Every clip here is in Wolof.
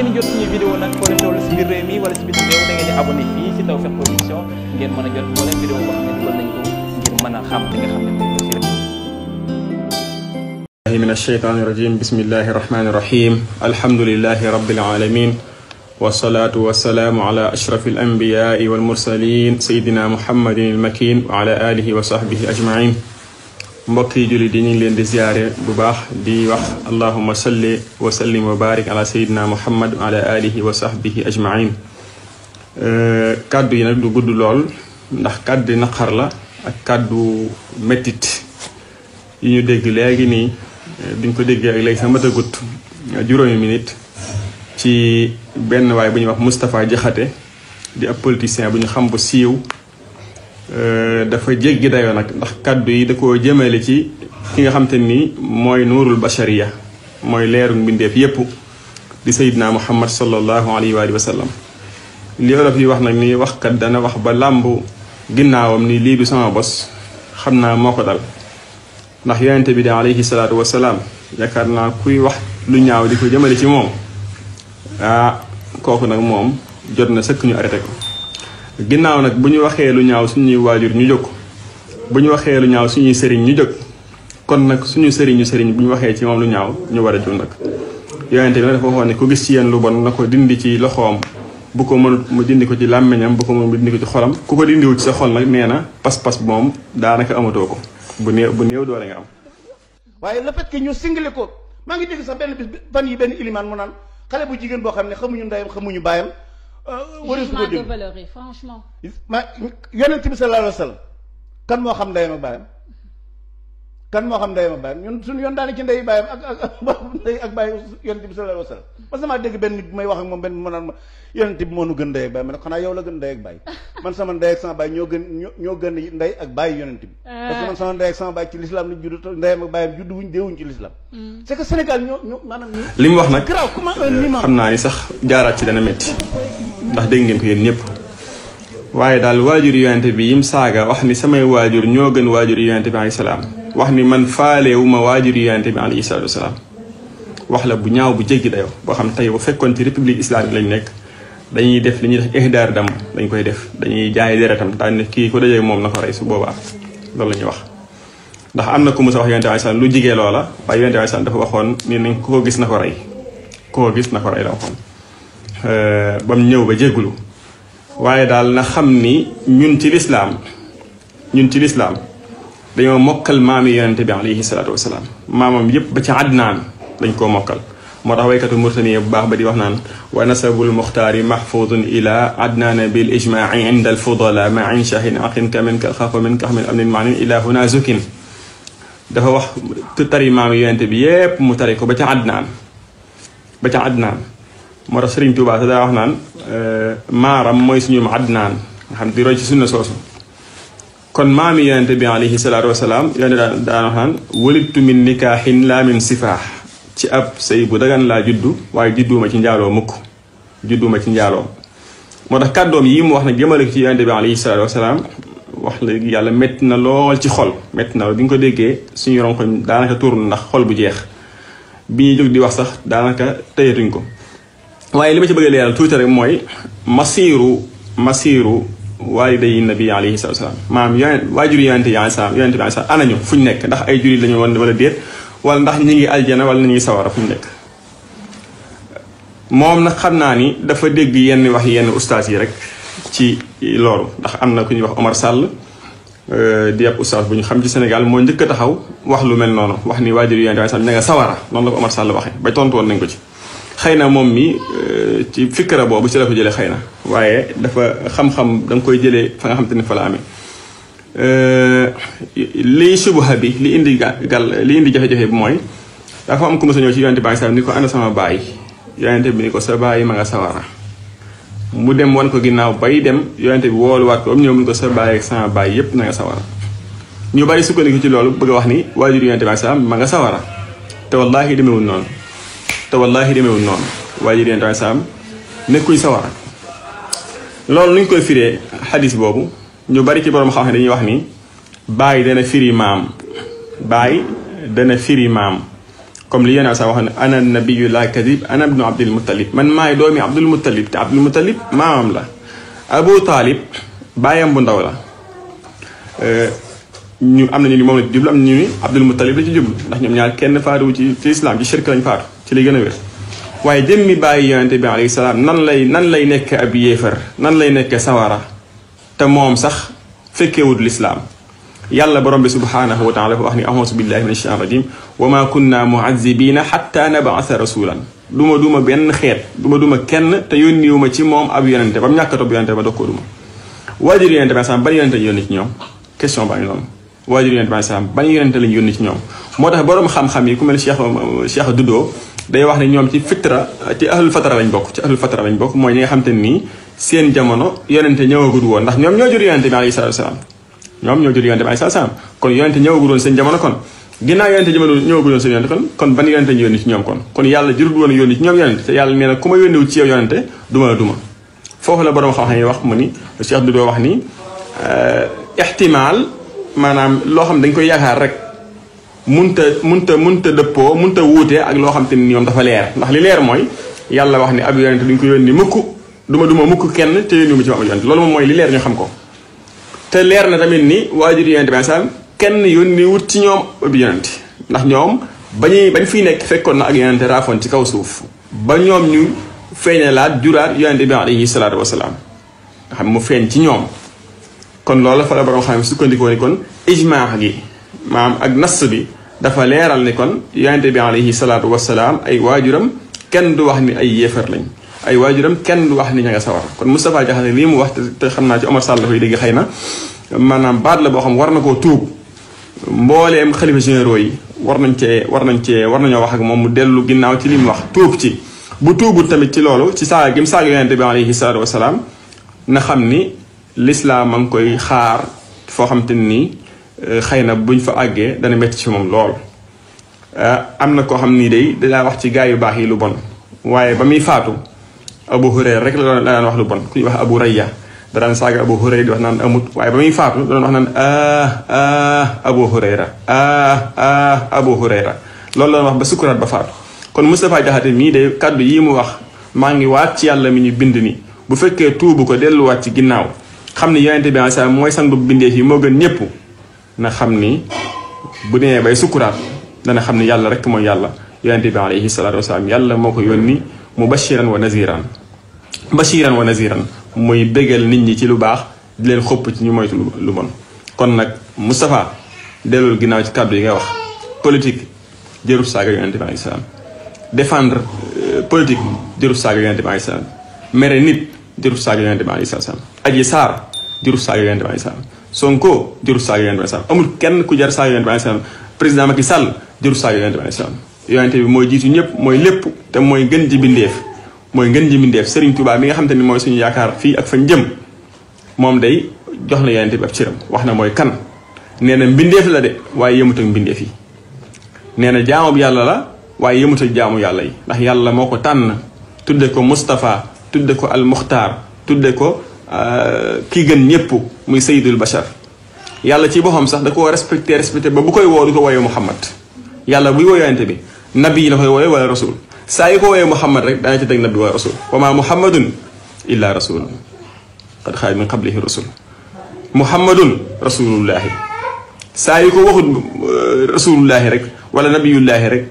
ngeen jot suñu vidéo nag foo leen toll si biir réew mi wala si biti réew da ngeen di abonné fii si Tawfekh Production ngeen mën a jot moo leen vidéo boo xam ne dugal nañ ko ngir mën a xam li nga xam ne moom lañ ko fi min ashaytaani rajim bismillahi rahmani rahim alhamdulillahi rabbil alamin wasalaatu wasalaamu ala ashrafi al anbiyaai wal mursalin sayidina muhammadin al makin wa ala alihi wa sahbihi ajmain mbokk yi jullit yi ñu leen di ziyaare bu baax di wax allahuma salli wa sallim wa barik ala sayidina muhammad wa ala alihi wa sahbihi ajmain euh, kàddu yi nag du gudd lool ndax kàddu naqar la ak kàddu mettit yi ñu dégg léegi nii biñ ko déggee ak léegi sax matagut juróomi minute ci benn waay bu ñuy wax mustafa Jaxate di ab politicien bu ñu xam bu siiw Euh, dafa jéggi dayoo nag ndax kàddu yi da koo jëmale ci ki nga xam te ni mooy nurul bashariya mooy leeru mbindeef yépp di sayidna muhammad sallallahu alayhi wa sallam li olof yi wax nag ni waxkat dana wax ba làmb ginnaawam ni lii du sama bos xam naa moo ko dal ndax yonente bi de alayhi salaatu wasalaam yaakaar naa kuy wax lu ñaaw di ko jëmale ci moom ah kooku nag moom jot na sëkk ñu arrêté ko ginnaaw nag bu ñu waxee lu ñaaw suñuy waajur ñu jóg bu ñu waxee lu ñaaw suñuy sëriñ ñu jóg kon nag suñu sëriñu sëriñ bu ñu waxee ci moom lu ñaaw ñu war a jóg nag yonente bi dafa waxoon ne ku gis ci yéen lu bon na ko dindi ci loxoom bu ko mënut mu dindi ko ci làmmiñam bu ko mënut mu dindi ko ci xolam ku ko dindiwu ci sa xol nag nee na pas-pas bu moom daanaka amatoo ko bu néew bu néew doole nga am waaye le fait que ñu singale ko maa ngi dégg sax benn bis ban yi benn ilimaan mu naan xale bu jigéen boo xam ne xamuñu ndeyam xamuñu baayam wari euh, su ko dégg franchement. ma yonent bi la alayhi wa kan moo xam ndeyam ak baayam. kan moo xam ndeyam ak bàyyam ñun yoon daane ci ndey bàyyam ak ak ak bàyyi yonent bi sallallahu alayhi may wax ak moom benn mu la gën ndey ak sama ndey ak sama ñoo gën ñoo gën ak bàyyi yonent bi ah. parce que man sama ndey ak sama bàyyi ci l'islam lañ judd ndeyam ak bàyyam judd wuñ deewuñ ci l'islam hmm. c'est Sénégal ñoo wax nag graw comment un euh, xam naa ni sax jaaraat ci dana métti ndax dégg ngeen ko yéen ñëpp waaye daal waajur yonent bi yim saaga wax ni samay waajur ñoo gën waajur yonent bi alayhi salaam wax ni man faalewu waajur yonente bi alayhi salaatu wasalaam wax la bu ñaaw bu jéggi dayoo boo xam tey bu fekkoon ci république islamique lañu nekk dañuy def li ñuy def ihdaar dam dañ koy def dañuy jaay deretam daan ne kii ku dajee moom na ko rey su boobaa loolu la ñuy wax ndax am na ku musa wax yonente bi salaam lu jigee loola waaye yonente bi salaam dafa waxoon ni nañ koo gis na ko rey koo gis na ko rey la waxoon euh, ba ñëw ba jéggulu waaye daal na xam ni ñun ci lislaam ñun ci lislaam dañoo mokkal maami yonente bi alayhi salaatu wasalaam maamam yépp ba ci adnaan dañ koo mokkal moo tax waykatu murtaniya bu baax ba di wax naan wa nasabul muxtaari mahfudun ila adnaana bil ijmaai inda al fudala ma in shahin aqin kamin kal xafa min kaxmin amnin maanin ila huna zukin dafa wax tari maami yonente bi yépp mu tari ko ba ca adnaan ba ca adnaan moo tax sëriñ Tuubaa sa daa wax naan euh, maaram mooy suñum adnaan nga xam di roy ci sunna soosu kon maami yonente bi alayhi salaatu wasalaam yonente daan daan waxaan walittu min nikaaxin laa min sifaax ci ab sëy bu dagan laa juddu waaye judduma ci njaaloo mukk judduma ci njaaloo moo tax kàddoom yii mu wax nag jëmale ko ci yonente bi alayhi salaatu wasalaam wax léegi yàlla métti na lool ci xol métti na lool bi nga ko déggee suñu ronkoñ daanaka tuur ndax xol bu jeex bi ñuy jóg di wax sax daanaka tëyatuñ ko waaye li ma ci bëgg a leeral tuuti rek mooy masiiru masiiru waaliday nabi alayhi salaam maam yonent waajur yonent bi alayhi salaam yonent bi alayhi salaam anañu fu ñu nekk ndax ay jullit lañu woon wala déet wala ndax ñu ngi aljana wala ñu ngi sawara fu ñu nekk moom nag xam naa ni dafa dégg yenn wax yenn ustaas yi rek ci loolu ndax am na ku ñuy wax Omar Sall euh, di ab ustaas bu ñu xam ci Sénégal moo njëkk a taxaw wax lu mel noonu wax ni waajur yonent bi alayhi salaam ña sawara noonu la ko Omar Sall waxee ba tontu woon nañ ko ci xëy na moom mi euh, ci fikra boobu ci la ko jëlee xëy na waaye dafa xam-xam da koy jëlee fa nga xam te ne fa la amee euh, lii subuha bi li indi gàll li indi jafe-jafe bi mooy dafa am ku sa ñëw ci yonente baa ngi sa ni ko ana sama baay yonente bi ni ko sa baay ma nga sawara mu dem wan ko ginnaaw bay dem yonente bi wooluwaat ko am ñëw mu ko sa baay ak sama baay yépp na nga sawara ñu bari ko ci loolu bëgg a wax ni waajur yonente baa ngi sa ma nga sawara te wallaahi demewul noonu te wallaahi demewul noonu waaye ji deen saam nekkuñ sawara loolu nuñ koy firee xadis boobu ñu bari ci borom xam ne dañuy wax ni bàyyi dana firi maam bàyyi dana firi maam comme li yéen sa wax ne ana nabiyu la kadib ana ibnu abdul muttalib man maay doomi abdul muttalib te abdul muttalib maamam la abu taalib bàyyam bu ndaw la ñu am nañu ni moom la ci jublu am nañu ni abdul muttalib la ci jublu ndax ñoom ñaar kenn faatuwu ci ci islam ci shirk lañ faatu ci li gën a wér waaye jëmmi bàyyi yonente bi alayhi salaam nan lay nan lay nekk ab yéefar nan lay nekkee sawara te moom sax fekkee wut lislaam yàlla borom bi subhaanahu wa taala fa wax ni auzu billahi min ashaitan rajim wa ma kunna muazibina xatta nabaasa rasulan duma duma benn xeet duma duma kenn te yónniwuma ci moom ab yonente ba mu ñàkk ba dog ko duma waajur yonente bi salaam ban ci ñoom question baa ngi noonu waajur yonente bi salaam ban yonente lañ yónni ci ñoom moo tax borom xam-xam yi ku mel Cheikh Cheikh Dudo day wax ne ñoom ci fitra ci ahlul fatara lañ bokk ci ahlul fatara lañ bokk mooy ñi nga xam te nii seen jamono yonente ñëwagul woon ndax ñoom ñoo jur yonente bi alayhi salaatu salaam ñoo jur yonente bi alayhi salaatu salaam kon yonente ñëwagul woon seen jamono kon ginnaaw yonente jamono ñëwagul woon seen yonente kon kon ban yonente ñu yónni ci ñoom kon kon yàlla jurul woon yónni ci ñoom yonente te yàlla nee na ku ma yónniwu ci yow yonente duma la duma foofu la borom xam-xam yi wax mu ni Cheikh Doudou wax ni euh, ixtimaal maanaam loo xam dañ ko yaakaar rek munta munta munta dëppoo munta wuute ak loo xam te ni ñoom dafa leer ndax li leer mooy yàlla wax ni ab yonent duñ ko yónni mukk duma duma mukk kenn te yónni mu ci ma am yonent ko te leer na tamit ni waajur yonent bi saam kenn wut ci ñoom ab yonent ndax ñoom ba bañuy bañ fiy nekk fekkoon na ak yonent raafoon ci kaw suuf ba ñoom ñu feeñalaat juraat yonent bi alayhi salaatu wasalaam nga xam mu feeñ ci ñoom kon loolu fa la borom xam ne sukkandikoo ni kon ijmaa gi maam ak nass bi dafa leeral ni kon yonente bi alayhi salaatu wasalaam ay waajuram kenn du wax ni ay yéefar lañ ay waajuram kenn du wax ni ña nga sawar kon Moustapha Diakhaté lii mu wax te xam naa ci Omar Sall koy dégg xëy na maanaam baat la boo xam war na koo tuub mbooleem xalifa généraux yi war nañ cee war nañ cee war nañoo wax ak moom mu dellu ginnaaw ci li mu wax tuub ci bu tuubul tamit ci loolu ci saaga gi mu saaga yonente bi alayhi salaatu wasalaam na xam ni lislaam a ngi koy xaar foo xam te nii xëy na buñ fa àggee dana métti ci moom lool. Ah, am na koo xam ni de dinaa wax ci gaa yu baax yi lu bon waaye ba muy faatu Abu Hurayra rek la daan wax lu bon ku wax Abu Rayya da daan saaga Abu Hurayra wax naan amut waaye ba muy faatu da daan wax naan ah, ah, Abu Hurayra ah ah loolu la wax ba sukkuraat ba faatu. kon Moustapha Diakhaté mii day kàddu yi mu wax maa ngi waat ci yàlla mi ñu bind ni bu fekkee tuubu ko delluwaat ci ginnaaw xam ni yonente bi mooy sangu bindee fii moo gën ñëpp. na xam ni bu nee bay sukkuraat dana xam ni yàlla rek mooy yàlla yonent bi alayhi salaatu wasalaam yàlla moo ko yónni mu bashiran wa naziran bashiran wa naziran muy bégal nit ñi ci lu baax di leen ci ñu moytu lu bon kon nag Moustapha dellul ginnaaw ci kàddu yi nga wax politique jërub saaga yonent bi alayhi salaam défendre euh, politique jërub saaga yonent bi nit jërub saaga yonent bi alayhi salaam aji saar jërub saaga Sonko jëru saaga yonent bi alayhi salaam amul kenn ku jar saaga yonent bi alayhi salaam président Macky Sall jëru saaga yonent bi bi mooy jiitu ñëpp mooy lépp te mooy gën ji bindeef mooy gën ji bindeef Serigne Touba mi nga xam te ni mooy suñu yaakaar fii ak fañ jëm moom day jox na yonent bi ab cëram wax na mooy kan nee na mbindeef la de waaye yëmut ak mbindeef yi nee na jaamub yàlla la waaye yëmut jaamu yàlla yi ndax yàlla moo ko tànn tudde ko Moustapha tudde ko Al Muxtaar tudde ko Euh, kii gën ñëpp muy sayidul bachar yàlla ci boppam sax da ko respecté respecte ba bu koy woo du ko wooyee muhammad yàlla buy wooyante bi nabi yi la koy wooyee wala rasul saa yu ko wooyee muhammad rek daana ci teg nabi wala rasul wa maa muhammadun illa rasul qad xaala min qablihi rasul muhammadun rasulullahi saa yu ko waxut euh, rasulullahi rek wala nabiyullahi rek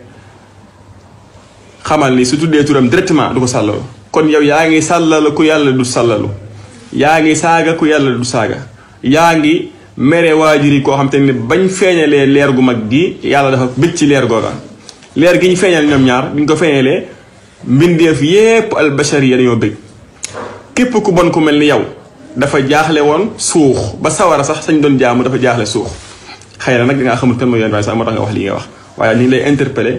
xamal ni su tuddee turam directement du ko sàllalu kon yow yaa ngi sàllalu ku yàlla du sàllalu yaa ngi saaga ku yàlla du saaga yaa ngi mere waajur yi koo xam te ne bañ feeñalee leer gu mag gi yàlla dafa bëcc ci leer googa leer gi ñu feeñal ñoom ñaar bi ñu ko feeñalee mbindeef yépp albashariya dañoo bëgg képp ku bon ku mel ni yow dafa jaaxle woon suux ba sawara sax sañ doon jaamu dafa jaaxle suux xëy na nag dangaa xamul kan mooy yoon waaye sax moo tax nga wax li nga wax waaye li lay interpellé.